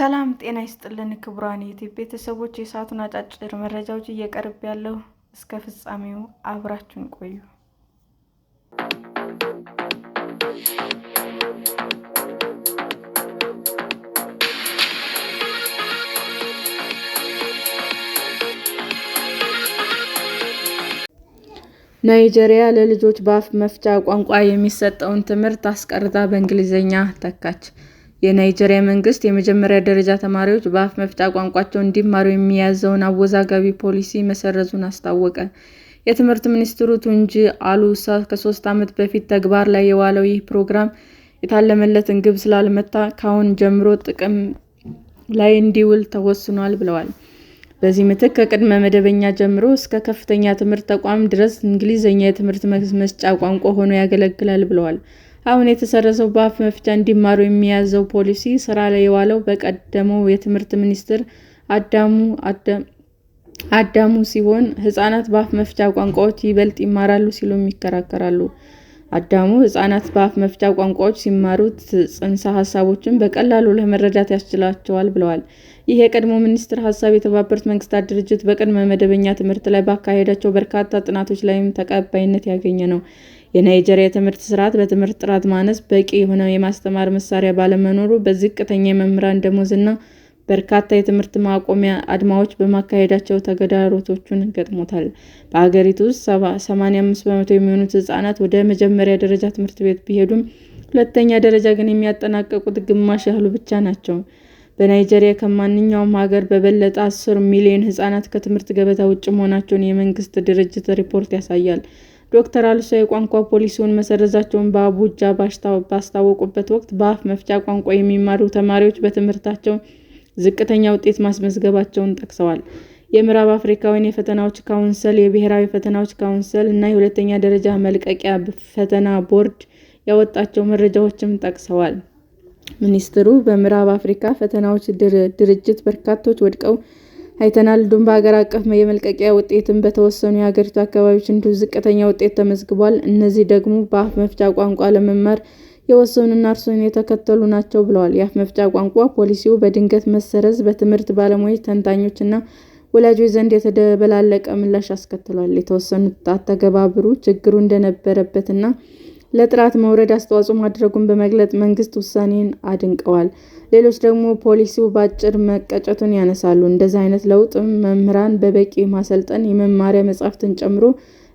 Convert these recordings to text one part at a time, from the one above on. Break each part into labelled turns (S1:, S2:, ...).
S1: ሰላም ጤና ይስጥልን ክቡራን ዩቲዩብ ቤተሰቦች፣ የሰዓቱን አጫጭር መረጃዎች እየቀርብ ያለው እስከ ፍጻሜው አብራችሁን ቆዩ።
S2: ናይጄሪያ ለልጆች በአፍ መፍቻ ቋንቋ የሚሰጠውን ትምህርት አስቀርታ በእንግሊዝኛ ተካች። የናይጄሪያ መንግስት የመጀመሪያ ደረጃ ተማሪዎች በአፍ መፍቻ ቋንቋቸው እንዲማሩ የሚያዘውን አወዛጋቢ ፖሊሲ መሰረዙን አስታወቀ። የትምህርት ሚኒስትሩ ቱንጂ አሉሳ ከሶስት ዓመት በፊት ተግባር ላይ የዋለው ይህ ፕሮግራም የታለመለትን ግብ ስላልመታ ከአሁን ጀምሮ ጥቅም ላይ እንዲውል ተወስኗል ብለዋል። በዚህ ምትክ ከቅድመ መደበኛ ጀምሮ እስከ ከፍተኛ ትምህርት ተቋም ድረስ እንግሊዝኛ የትምህርት መስጫ ቋንቋ ሆኖ ያገለግላል ብለዋል። አሁን የተሰረዘው በአፍ መፍቻ እንዲማሩ የሚያዘው ፖሊሲ ስራ ላይ የዋለው በቀደመው የትምህርት ሚኒስትር አዳሙ አዳሙ ሲሆን ህጻናት በአፍ መፍቻ ቋንቋዎች ይበልጥ ይማራሉ ሲሉም ይከራከራሉ። አዳሙ ህጻናት በአፍ መፍቻ ቋንቋዎች ሲማሩ ጽንሰ ሀሳቦችን በቀላሉ ለመረዳት ያስችላቸዋል ብለዋል። ይህ የቀድሞ ሚኒስትር ሀሳብ የተባበሩት መንግስታት ድርጅት በቅድመ መደበኛ ትምህርት ላይ ባካሄዳቸው በርካታ ጥናቶች ላይም ተቀባይነት ያገኘ ነው። የናይጄሪያ የትምህርት ስርዓት በትምህርት ጥራት ማነስ፣ በቂ የሆነ የማስተማር መሳሪያ ባለመኖሩ፣ በዝቅተኛ የመምህራን ደሞዝ እና በርካታ የትምህርት ማቆሚያ አድማዎች በማካሄዳቸው ተግዳሮቶቹን ገጥሞታል። በሀገሪቱ ውስጥ 85 በመቶ የሚሆኑት ህጻናት ወደ መጀመሪያ ደረጃ ትምህርት ቤት ቢሄዱም ሁለተኛ ደረጃ ግን የሚያጠናቀቁት ግማሽ ያህሉ ብቻ ናቸው። በናይጄሪያ ከማንኛውም ሀገር በበለጠ 10 ሚሊዮን ህጻናት ከትምህርት ገበታ ውጭ መሆናቸውን የመንግስት ድርጅት ሪፖርት ያሳያል። ዶክተር አልሷ የቋንቋ ፖሊሲውን መሰረዛቸውን በአቡጃ ባስታወቁበት ወቅት በአፍ መፍቻ ቋንቋ የሚማሩ ተማሪዎች በትምህርታቸው ዝቅተኛ ውጤት ማስመዝገባቸውን ጠቅሰዋል። የምዕራብ አፍሪካውያን የፈተናዎች ካውንስል፣ የብሔራዊ ፈተናዎች ካውንስል እና የሁለተኛ ደረጃ መልቀቂያ ፈተና ቦርድ ያወጣቸው መረጃዎችም ጠቅሰዋል። ሚኒስትሩ በምዕራብ አፍሪካ ፈተናዎች ድርጅት በርካቶች ወድቀው አይተናል፣ እንዲሁም በሀገር አቀፍ የመልቀቂያ ውጤትም በተወሰኑ የሀገሪቱ አካባቢዎች እንዲሁ ዝቅተኛ ውጤት ተመዝግቧል። እነዚህ ደግሞ በአፍ መፍቻ ቋንቋ ለመማር የወሰኑና እርሱን የተከተሉ ናቸው ብለዋል። የአፍ መፍቻ ቋንቋ ፖሊሲው በድንገት መሰረዝ በትምህርት ባለሙያዎች ተንታኞችና ወላጆች ዘንድ የተደበላለቀ ምላሽ አስከትሏል። የተወሰኑት አተገባበሩ ችግሩ እንደነበረበትና ለጥራት መውረድ አስተዋጽኦ ማድረጉን በመግለጥ መንግስት ውሳኔን አድንቀዋል። ሌሎች ደግሞ ፖሊሲው በአጭር መቀጨቱን ያነሳሉ። እንደዚህ አይነት ለውጥ መምህራን በበቂ ማሰልጠን፣ የመማሪያ መጻሕፍትን ጨምሮ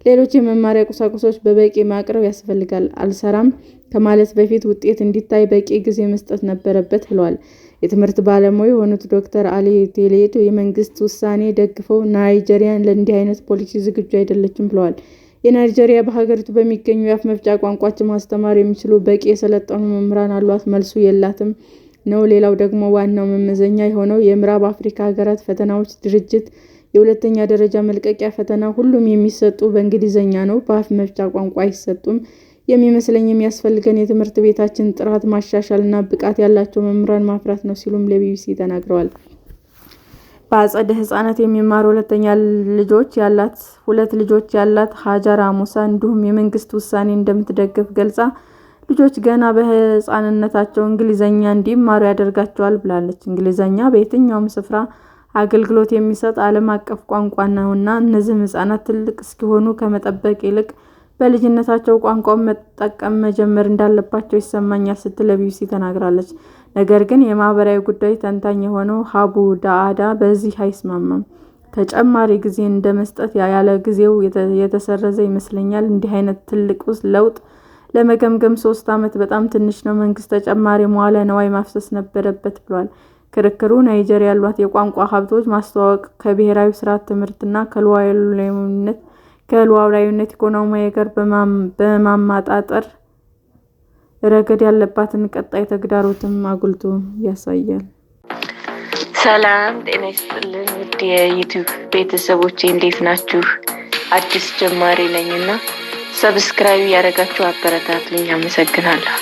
S2: ሌሎች የመማሪያ ቁሳቁሶች በበቂ ማቅረብ ያስፈልጋል። አልሰራም ከማለት በፊት ውጤት እንዲታይ በቂ ጊዜ መስጠት ነበረበት ብለዋል። የትምህርት ባለሙያ የሆኑት ዶክተር አሊ ቴሌድ የመንግስት ውሳኔ ደግፈው ናይጄሪያን ለእንዲህ አይነት ፖሊሲ ዝግጁ አይደለችም ብለዋል። የናይጄሪያ በሀገሪቱ በሚገኙ የአፍ መፍጫ ቋንቋች ማስተማር የሚችሉ በቂ የሰለጠኑ መምህራን አሏት? መልሱ የላትም ነው። ሌላው ደግሞ ዋናው መመዘኛ የሆነው የምዕራብ አፍሪካ ሀገራት ፈተናዎች ድርጅት የሁለተኛ ደረጃ መልቀቂያ ፈተና ሁሉም የሚሰጡ በእንግሊዝኛ ነው። በአፍ መፍቻ ቋንቋ አይሰጡም። የሚመስለኝ የሚያስፈልገን የትምህርት ቤታችን ጥራት ማሻሻልና ብቃት ያላቸው መምህራን ማፍራት ነው ሲሉም ለቢቢሲ ተናግረዋል። በአጸደ ህጻናት የሚማሩ ሁለተኛ ልጆች ያላት ሁለት ልጆች ያላት ሀጃር አሙሳ እንዲሁም የመንግስት ውሳኔ እንደምትደግፍ ገልጻ ልጆች ገና በህፃንነታቸው እንግሊዘኛ እንዲማሩ ያደርጋቸዋል ብላለች። እንግሊዘኛ በየትኛውም ስፍራ አገልግሎት የሚሰጥ ዓለም አቀፍ ቋንቋ ነውና እነዚህም ህጻናት ትልቅ እስኪሆኑ ከመጠበቅ ይልቅ በልጅነታቸው ቋንቋውን መጠቀም መጀመር እንዳለባቸው ይሰማኛል ስትል ለቢቢሲ ተናግራለች። ነገር ግን የማህበራዊ ጉዳዮች ተንታኝ የሆነው ሀቡ ዳአዳ በዚህ አይስማማም። ተጨማሪ ጊዜ እንደ መስጠት ያለ ጊዜው የተሰረዘ ይመስለኛል። እንዲህ አይነት ትልቅ ለውጥ ለመገምገም ሶስት ዓመት በጣም ትንሽ ነው። መንግስት ተጨማሪ መዋለ ነዋይ ማፍሰስ ነበረበት ብሏል። ክርክሩ ናይጀር ያሏት የቋንቋ ሀብቶች ማስተዋወቅ ከብሔራዊ ስርዓት ትምህርትና ከሉዓላዊነት ኢኮኖሚ ጋር በማማጣጠር ረገድ ያለባትን ቀጣይ ተግዳሮትም አጉልቶ ያሳያል።
S1: ሰላም ጤና ይስጥልን ውድ የዩቱብ ቤተሰቦቼ እንዴት ናችሁ? አዲስ ጀማሪ ነኝና ሰብስክራይብ ያደረጋችሁ አበረታቱኝ። አመሰግናለሁ።